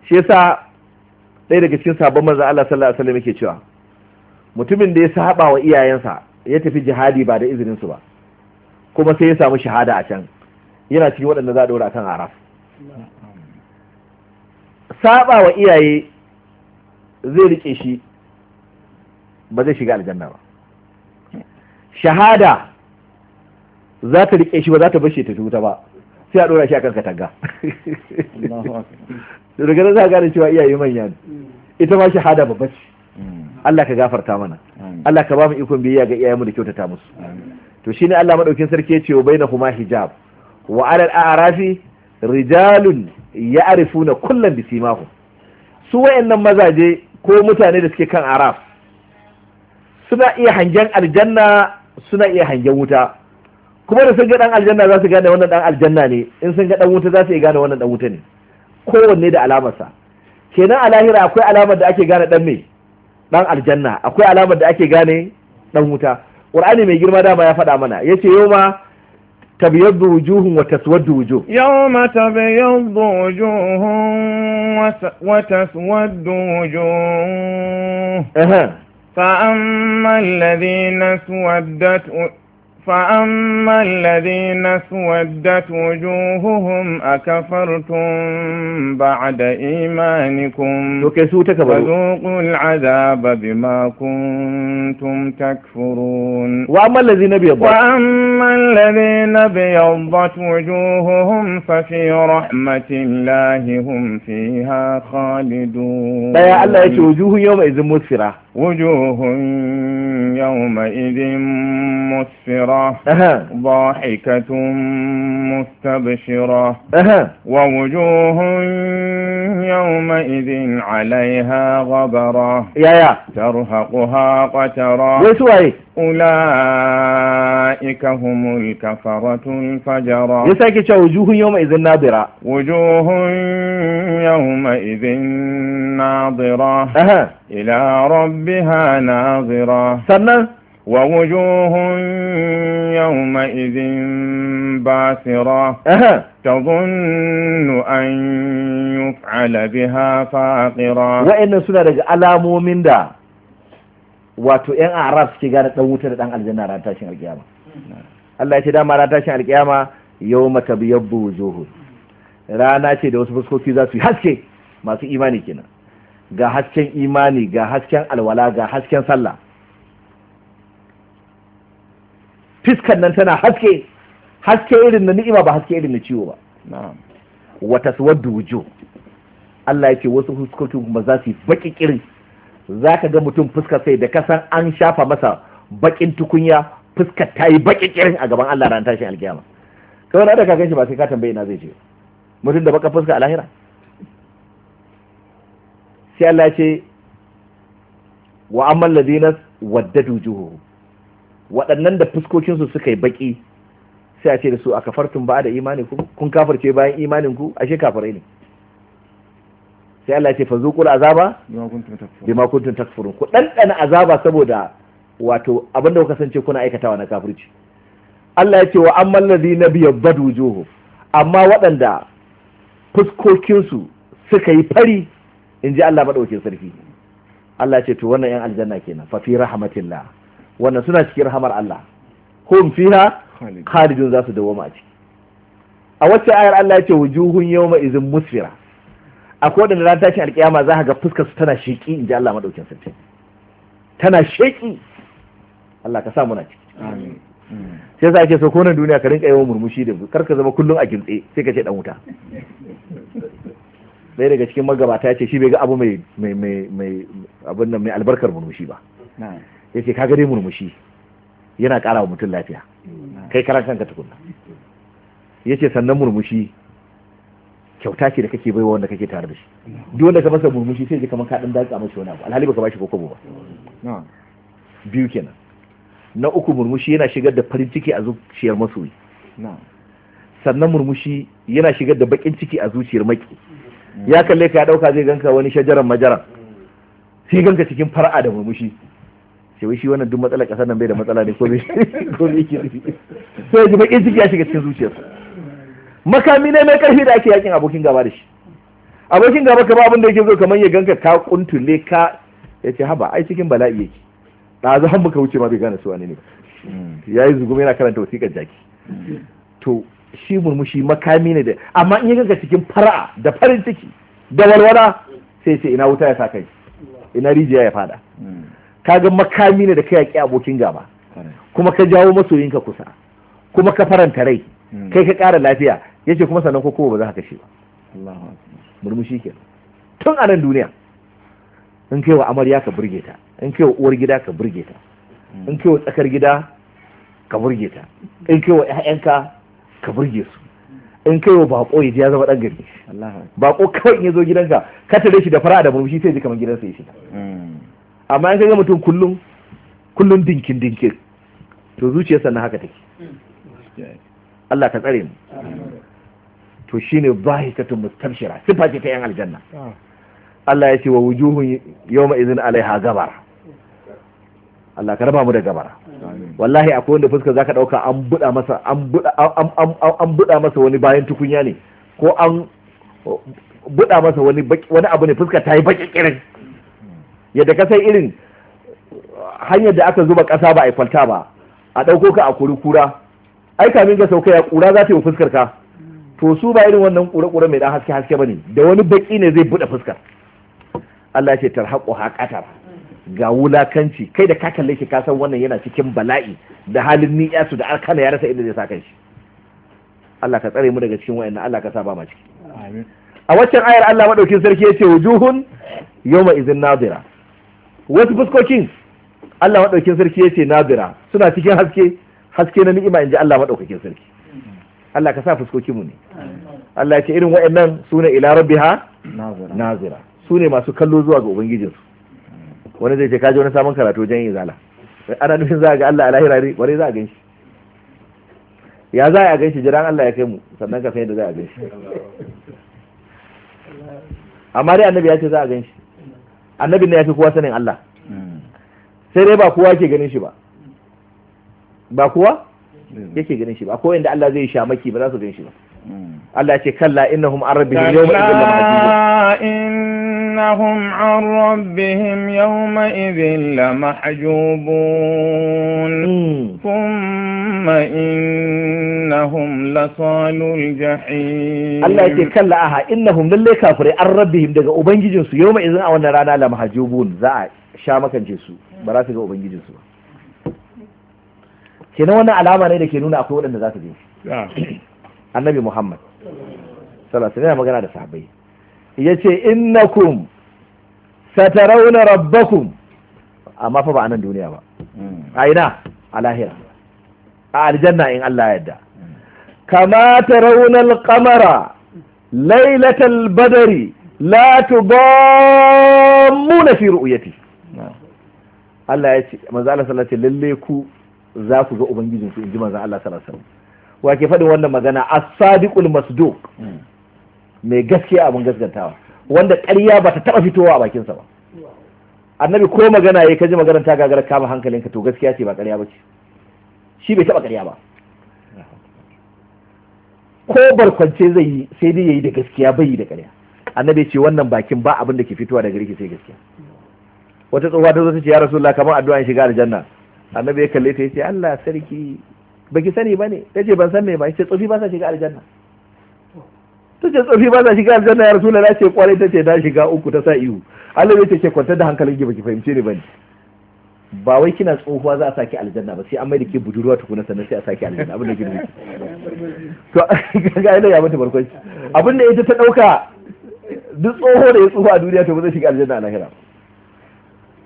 shi yasa ɗaya daga cikin sabon manzan Allah sallallahu alaihi wasallam yake cewa mutumin da ya saba wa iyayensa ya tafi jihadi ba da izinin su ba kuma sai ya samu shahada a can yana cikin waɗanda za a ɗora kan araf saba wa iyaye zai riƙe shi ba zai shiga aljanna ba shahada za ta rike shi ba za ta bashe ta wuta ba sai a dora shi akan katanga da daga za gane cewa iyaye manya ne ita ma shahada ba ce mm. Allah ka gafarta mana Allah ka ba mu ikon biyayya ga iyayenmu da kyautata musu to shine Allah madaukin sarki ya ce wa huma hijab wa al a'rafi rijalun ya'rifuna kullan Simahu. su wayannan mazaje ko mutane da suke kan araf suna iya hangen aljanna suna iya hangen wuta kuma da sun ga dan aljanna za su gane wannan dan aljanna ne in sun ga dan wuta za su iya gane wannan dan wuta ne kowanne da alamarsa kenan a lahira akwai alamar da ake gane dan me dan aljanna akwai alamar da ake gane dan wuta qur'ani mai girma dama ya faɗa mana yace yoma ma wujuhum wa taswaddu wujuh يوم تبيض wujuhum wa taswaddu wujuh فأما الذين اسودت فأما الذين اسودت وجوههم أكفرتم بعد إيمانكم فذوقوا العذاب بما كنتم تكفرون وأما الذين بيضت وأما الذين بيضت وجوههم ففي رحمة الله هم فيها خالدون لا يا الله وجوه يومئذ مسفرة وجوه يومئذ مسفرة ضاحكة مستبشرة ووجوه يومئذ عليها غبرة يا يا ترهقها قترة أولئك هم الكفرة الفجرة وجوه يومئذ ناظرة وجوه يومئذ ناظرة إلى ربها ناظرة سنة ووجوه يومئذ باسرة أه. تظن أن يفعل بها فاقرة وإن سنة رجع على alamomin da wato yan arab suke gane dan wuta da dan aljanna ran tashin alƙiyama Allah ya ce dama ran tashin alkiyama yawma tabyabbu wujuhu rana ce da wasu fuskoki za su yi haske masu imani kenan ga hasken imani ga hasken alwala ga hasken sallah fiskan nan tana haske haske irin na ni'ima ba haske irin na ciwo ba wata suwar wujo Allah ya ce wasu fuskokin kuma za su yi baki kiri za ka ga mutum fuskar sai da kasan an shafa masa bakin tukunya fuskar ta yi baki kirin a gaban Allah ran tashin alkiyama kawai da da kakan shi ba sai ka tambaye na zai ce mutum da baka fuska a lahira sai Allah ce wa amman ladina waddadu juhu waɗannan da fuskokinsu suka yi baki sai a ce da su a kafartun ba da imani ku kun kafarce bayan imanin ku ashe kafirai ne sai Allah ce fazuqul azaba bima kuntum takfurun ku dan azaba saboda wato abinda kuka sance kuna aikatawa na kafirci Allah ya ce wa amman ladina biyabbadu juhu amma waɗanda fuskokinsu suka yi fari in ji Allah maɗaukin sarki Allah ce to wannan 'yan aljanna kenan fa fi rahmatillah wannan suna cikin rahamar Allah hum fiha khalidun za su dawo a ciki a wacce ayar Allah ya ce wujuhun yawma izin musfira a ko da ran tashin alkiyama za ka ga fuskar su tana sheki in ji Allah maɗaukin sarki tana sheki Allah ka sa muna ciki amin sai yasa ake so ko nan duniya ka rinka yawan murmushi da karka zama kullum a kintse sai ka ce dan wuta ɗaya daga cikin magabata ya ce shi bai ga abu mai abin nan mai albarkar murmushi ba ya ce kaga dai murmushi yana ƙara wa mutum lafiya kai karan kanka tukunna ya ce sannan murmushi kyauta ce da kake bai wa wanda kake tare da shi duk wanda ka masa murmushi sai ji kamar ka ɗan datsa mashi wani abu alhali baka bashi kokobo ba biyu kenan na uku murmushi yana shigar da farin ciki a zuciyar masoyi sannan murmushi yana shigar da bakin ciki a zuciyar maki ya kalle ka ya dauka zai ganka wani shajaran majaran sai ganka cikin far'a da murmushi sai wai shi wannan duk matsalar kasar nan bai da matsala ne ko bai ko bai ki sai ji bakin ciki ya shiga cikin zuciyarsa makami ne mai karfi da ake yakin abokin gaba da shi abokin gaba ka ba abin da yake zo kamar ya ganka ka kuntule ka Ya ce haba ai cikin bala'i yake ɗazu har ka wuce ma bai gane su wani ne hmm. ya yi zugumi yana karanta wasiƙar jaki to shi murmushi makami ne da amma in yi ga cikin fara da farin ciki da walwala sai ce ina wuta ya sa kai ina rijiya ya fada hmm. kaga makami ne da ka yaƙi abokin gaba kuma ka jawo masoyinka kusa kuma ka faranta rai hmm. kai ka ƙara lafiya yace kuma sannan ko ba za ka kashe ba murmushi ke tun a nan duniya in kai wa amarya ka burge ta in kai wa uwar gida ka burge ta hmm. in kai wa tsakar gida ka burge ta in kai wa 'ya'yanka ka burge su in kai wa bako ya ya zama dan gari bako kawai in ya zo gidanka ka tare shi da fara da burbushi sai ji kamar gidansa ya shiga hmm. amma in ka ga mutum kullum kullum dinkin dinkin to zuciyarsa na haka take Allah ka tsare mu to shine zahikatun mustabshira sifa ce ta yan aljanna ah. Allah ya ce wa wujuhun yawma idhin alaiha gabar Allah ka raba mu da gabara wallahi akwai wanda fuska zaka dauka an buda masa an buda an buda masa wani bayan tukunya ne ko an buda masa wani wani abu ne fuska ta yi baki kirin yadda ka sai irin hanyar da aka zuba kasa ba a kwalta ba a dauko ka a kuri kura ai kamin ga sauka ya kura za ta yi fuskar ka to su ba irin wannan kura kura mai dan haske haske bane da wani baki ne zai buda fuskar Allah ya ce tarhaqu haqatar ga wulakanci kai da ka kalle shi ka san wannan yana cikin bala'i da halin niyya su da alkana ya rasa inda zai sa shi Allah ka tsare mu daga cikin wayannan Allah ka sa ba ma ciki amin a waccan ayar Allah madaukin sarki yace wujuhun yawma izin nadira wasu fuskokin Allah madaukin sarki yace nadira suna cikin haske haske na ni'ima inji Allah madaukakin sarki Allah ka sa fuskokin mu ne Allah ya ce irin wa'annan sune ila rabbiha nazira sune masu kallo zuwa ga ubangijinsu wani zai ce kaji wani samun karatu jan zala ana nufin za a ga Allah alahira ne bare za a gan shi ya za a gan shi jiran Allah ya kai mu sannan ka san yadda za a gan shi amma dai annabi ya ce za a gan shi annabi ne ya fi kowa sanin Allah sai dai ba kowa ke ganin shi ba ba kowa yake ganin shi ba ko inda Allah zai shamaki ba za su gan shi ba Allah ya ce kalla innahum arabbihim yawma idhil lamahjubun إنهم عن ربهم يومئذ لمحجوبون ثم إنهم لصالوا الجحيم الله يتكلم أها إنهم للي كافر عن ربهم دقا أبنجي جنسو يومئذ أولا رانا لمحجوبون زاء شامكا جنسو براسك أبنجي جنسو kenan wannan alama ne da ke nuna akwai waɗanda za su je annabi muhammad sallallahu alaihi wasallam magana da sahabbai ya ce innakum satarauna rabbakum amma fa ba a nan duniya ba hmm. a ina a lahira a aljanna in Allah yadda kama tarawna alqamara lailatal badri la tudammuna fi ru'yati Allah ya ce manzo Allah sallallahu alaihi lalle ku za ku ga ubangijinku inji manzo Allah sallallahu alaihi wasallam wa ke faɗin wannan magana as-sadiqul masduq hmm. mai gaskiya abin gaskantawa wanda ƙarya ba ta taɓa fitowa a bakinsa ba annabi ko magana ya kaji maganar ta gagara kama hankalinka to gaskiya ce ba ƙarya ba ce shi bai taɓa ƙarya ba ko barkwance zai yi sai dai ya yi da gaskiya bai yi da ƙarya annabi ce wannan bakin ba abin da ke fitowa daga riki sai gaskiya wata tsohuwa ta zo ta ce ya rasu Allah kamar addu'a ya shiga aljanna annabi ya kalle ta ya ce Allah sarki baki sani ba ta ce ban san me ba ce tsofi ba sa shiga aljanna ta ce tsofi ba za shiga aljanna ya rasula ce kwarai ta ce ta shiga uku ta sa ihu Allah bai ce kwantar da hankalin ki baki fahimce ni bane ba wai kina tsohuwa za a saki aljanna ba sai an mai da ke budurwa tukuna sannan sai a saki aljanna abin da ke nufi to ga ina ya mata barkwanci abin da ita ta dauka duk tsoho da ya tsoho a duniya to ba zai shiga aljanna a lahira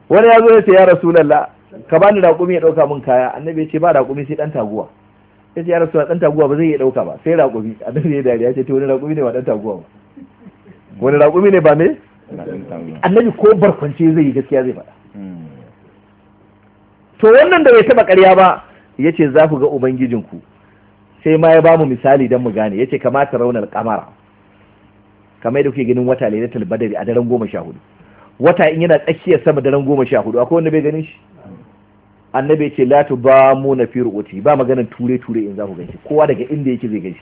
wani ya zo ya ce ya rasulullah ka bani raƙumi ya dauka min kaya annabi ya ce ba raƙumi sai dan taguwa ya ce su rasu ɗan taguwa ba zai iya ɗauka ba sai raƙumi annabi ya dariya ce ta wani raƙumi ne ba ɗan taguwa ba wani raƙumi ne ba me annabi ko barkwance zai yi gaskiya zai faɗa hmm. to wannan da bai taɓa ƙarya ba ya ce za ku ga ubangijinku sai ma ya ba mu misali don mu gane ya ce kamata raunar kamara kamar da kuke ganin wata lailatul badari a daren goma sha hudu wata in yana tsakiyar sama daren goma sha hudu akwai wanda bai ganin shi annabi ce la tu ba mu na fi ru'uti ba maganar ture ture in za ku ganshi kowa daga inda yake zai ganshi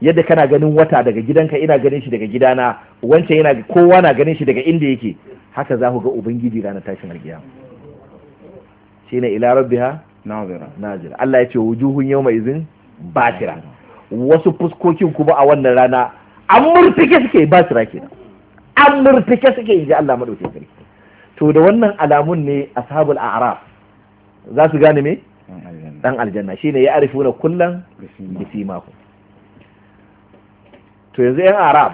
yadda kana ganin wata daga gidanka ina ganin shi daga gidana wancan yana kowa na ganin shi daga inda yake haka za ku ga ubangiji ranar tashin shi ne ila rabbiha nazira nazira Allah ya ce wujuhun yawma izin batira wasu fuskokin kuma a wannan rana an murtike suke batira kenan an murtike suke inji Allah madaukakin sarki to da wannan alamun ne ashabul a'raf za su gane me dan aljanna shine ya arifuna kullan bisimahu to yanzu yan arab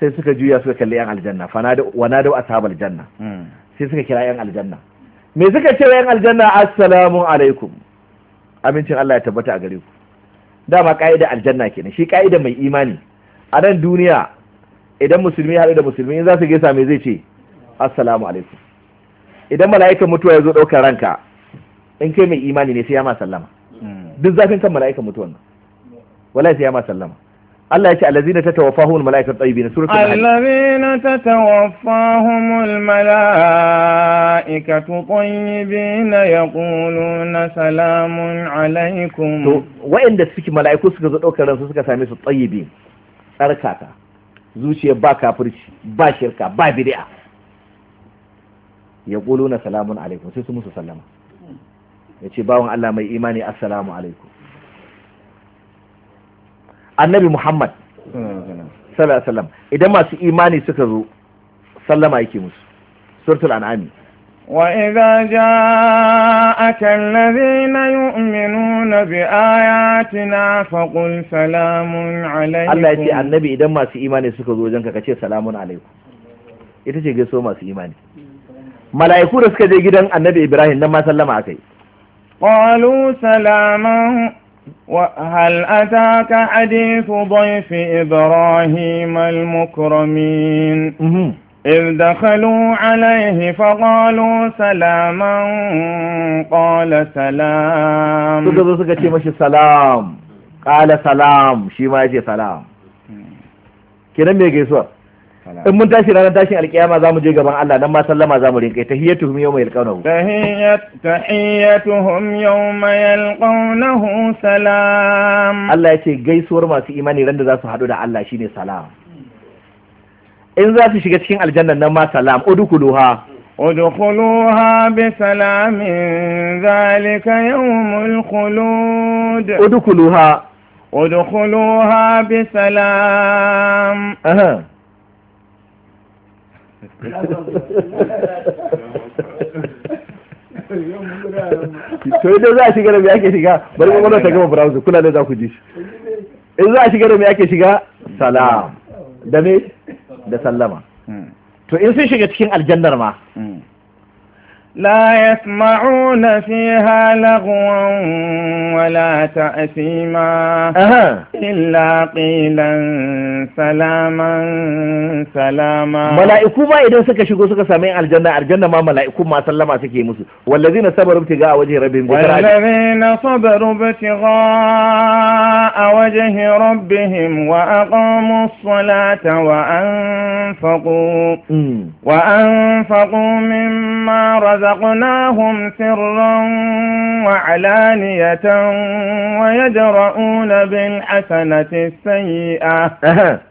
sai suka juya suka kalli yan aljanna wana da ashabal janna hmm. sai suka kira yan aljanna me suka ce yan aljanna assalamu alaikum amincin Allah ya tabbata a gare ku dama ka'ida aljanna kenan shi ka'ida mai imani a nan duniya idan musulmi ya haɗu da musulmi in za su gaisa me zai ce assalamu alaikum idan mala'ikan mutuwa ya zo ɗaukar ranka in kai mai imani ne sai ya ma sallama duk zafin kan mala'ika mutuwan nan wallahi sai ya ma sallama Allah ya ce allazina tatawaffahumul mala'ika tayyibin suratul nahl allazina tatawaffahumul mala'ika tayyibin yaquluna salamun alaikum to wa'inda suke mala'iku suka zo daukar ransu suka same su tayyibin tsarkaka zuciya ba kafirci ba shirka ba bid'a yaquluna salamun alaikum sai su musu sallama ya ce bawon Allah mai imani assalamu alaikum annabi muhammad sallallahu idan masu imani suka zo sallama yake musu suratul an'ami وإذا جاءك الذين يؤمنون بآياتنا فقل سلام عليكم الله يتي النبي إذا ما سي إيماني سكو زوجنك كتير سلام عليكم ita ce gaiso masu imani mala'iku da suka je gidan annabi ibrahim nan ma sallama akai قالوا سلاما وهل أتاك حديث ضيف إبراهيم المكرمين إذ دخلوا عليه فقالوا سلاما قال سلام suka zo suka ce mashi salam ƙala salam shi ma ya ce salam kiran mai gaisuwa in mun tashi ranar tashin alkiyama mu je gaban Allah nan ma sallama za zamu rinka tahiyyatuhum yawma yalqawnahu tahiyyatuhum yawma yalqawnahu salam Allah yace gaisuwar masu imani ran da za su hadu da Allah shine salam in za su shiga cikin aljannan nan ma salam udkhuluha udkhuluha bi salamin zalika yawmul khulud udkhuluha udkhuluha bi salam to idan za a shiga da me ake shiga bari gwamnati ta gama browser kula da za ku ji shi in za a shiga da me ake shiga salam da me da sallama hmm. to in sun shiga cikin aljannar ma hmm. لا يسمعون فيها لغوا ولا تأثيما أه. إلا قيلا سلاما سلاما ملائكو ما إذن سكا شكو سكا سامين الجنة الجنة ما ملائكو ما سلما سكي مسو والذين صبروا ابتغاء وجه ربهم والذين صبروا ابتغاء وجه ربهم وأقاموا الصلاة وأنفقوا وأنفقوا مما رزقوا رزقناهم سرا وعلانية ويدرؤون بالحسنة السيئة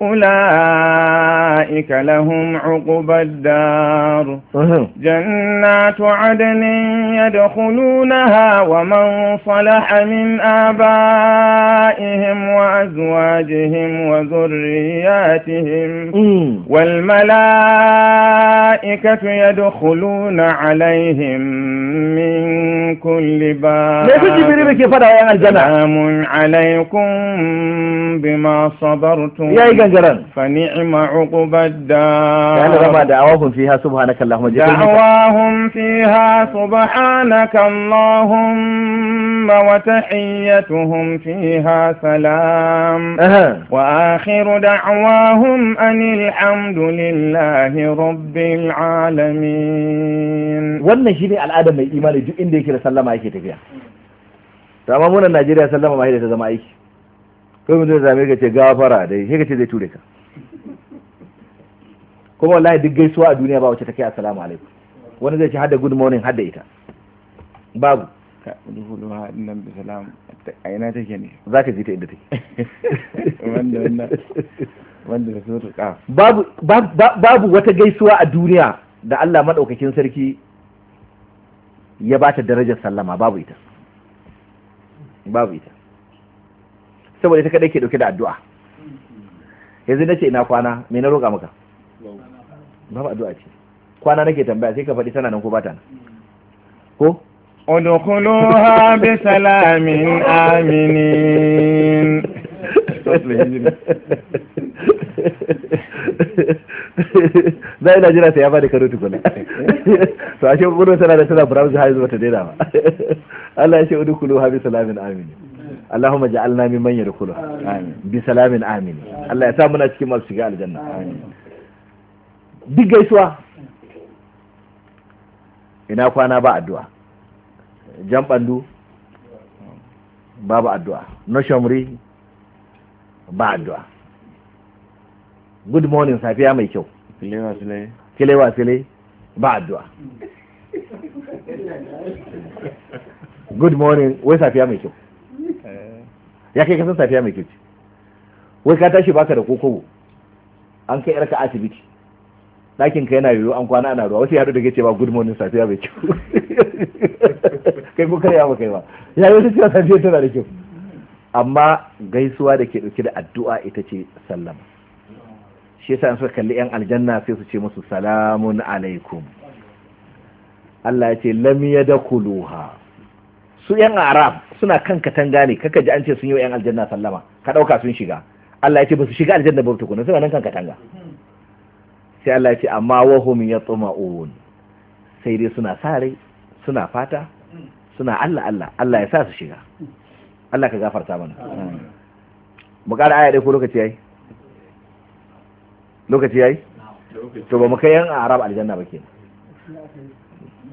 أولئك لهم عقبى الدار جنات عدن يدخلونها ومن صلح من آبائهم وأزواجهم وذرياتهم أمم. والملائكة يدخلون عليهم عليهم من كل باب سلام عليكم بما صبرتم يا فنعم عقب الدار يعني رمى دعواهم فيها سبحانك اللهم دعواهم فيها سبحانك اللهم وتحيتهم فيها سلام وآخر دعواهم أن الحمد لله رب العالمين wannan shi ne al'ada mai imani duk inda yake da sallama yake tafiya to amma munan Najeriya sallama mai da ta zama aiki kai mutum zai zame ka ce gafara dai shi ka ce zai ture ka kuma wallahi duk gaisuwa a duniya ba wacce take assalamu alaikum wani zai ce hadda good morning hadda ita babu a ina take ne za ka ji ta inda take wanda wanda da suratul babu babu wata gaisuwa a duniya da Allah madaukakin sarki ya ba ta darajar sallama babu ita babu ita saboda ita kadai ke dauke da addu'a yanzu na ce ina kwana me na roƙa maka babu addu'a ce kwana nake tambaya sai ka faɗi tana nan ko ba ta nan ko udkhuluha bi salamin aminin za ina jira sai ya da karo tukuna to ashe gurbin tana da tana browse zai zuwa ta daina ba Allah ya ce udkhulu habi salamin amin Allahumma ja'alna man yadkhulu amin bi salamin amin Allah ya sa muna cikin masu shiga aljanna amin duk gaisuwa ina kwana ba addu'a jan bandu babu addu'a no shamri ba addu'a good morning safiya mai kyau kilewa sile kilewa sile ba addu'a good morning wai safiya mai kyau ya kai kasan safiya mai kyau wai ka tashi baka da kokobo an kai yarka asibiti ɗakin ka yana yiwu an kwana ana ruwa wasu ya da ke ce ba good morning safiya mai kyau kai ko ya ba kai ba ya yi wasu cewa safiya tana da kyau amma gaisuwa da ke ɗauke da addu'a ita ce sallama shi yasa suka kalli yan aljanna sai su ce musu salamun alaikum Allah ya ce lam yadkhuluha su yan arab suna kan katanga ne kaka ji an ce sun yi yan aljanna sallama ka dauka sun shiga Allah ya ce ba su shiga aljanna ba tukuna suna nan kan katanga sai Allah ya ce amma wahum yatma'un sai dai suna sare suna fata suna Allah Allah Allah ya sa su shiga Allah ka gafarta mana mu ƙara aya dai ko lokaci yayi lokaci yayi to ba mu kai yan arab aljanna ba kenan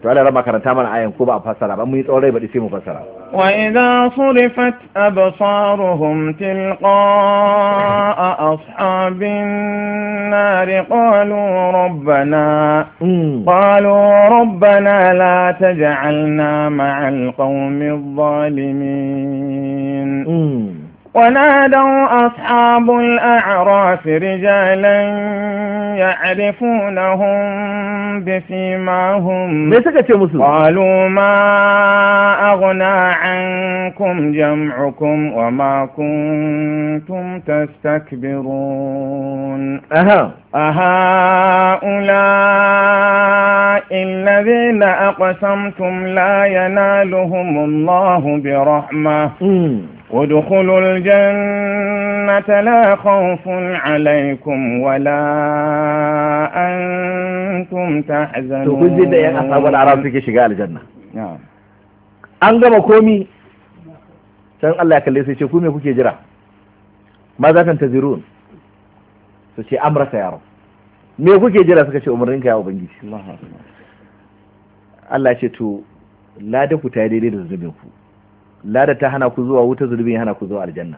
to Allah rama karanta mana ayan ko ba a fassara ba mun yi tsorai ba sai mu fassara wa idza surifat absaruhum tilqa ashabin nar qalu rabbana qalu rabbana la taj'alna ma'al qawmi adh-dhalimin ونادوا أصحاب الأعراف رجالا يعرفونهم بسيماهم قالوا ما أغنى عنكم جمعكم وما كنتم تستكبرون أها أهؤلاء الذين أقسمتم لا ينالهم الله برحمة وادخلوا الجنة لا خوف عليكم ولا أنتم تحزنون تقول زيدا يا أصحاب العرب فيك شغال الجنة نعم أنقم كومي سأل الله يكلي سيشي كومي كوكي جرا ماذا تنتظرون سيشي أمرك يا رب me kuke jira suka ce umarninka ya الله Allah ce to لا دفو تايدي daidai da lada ta hana ku zuwa wuta zulubin ya hana ku zuwa aljanna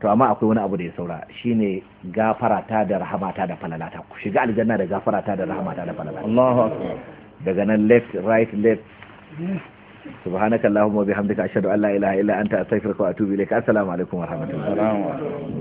to amma akwai wani abu da ya saura shine gafarata da rahamata da falalata ku shiga aljanna da gafara ta da rahamata da falalata Allahu akbar daga nan left right left subhanaka allahumma bihamdika ashhadu an la ilaha illa anta astaghfiruka wa atubu ilaik assalamu alaikum wa rahmatullahi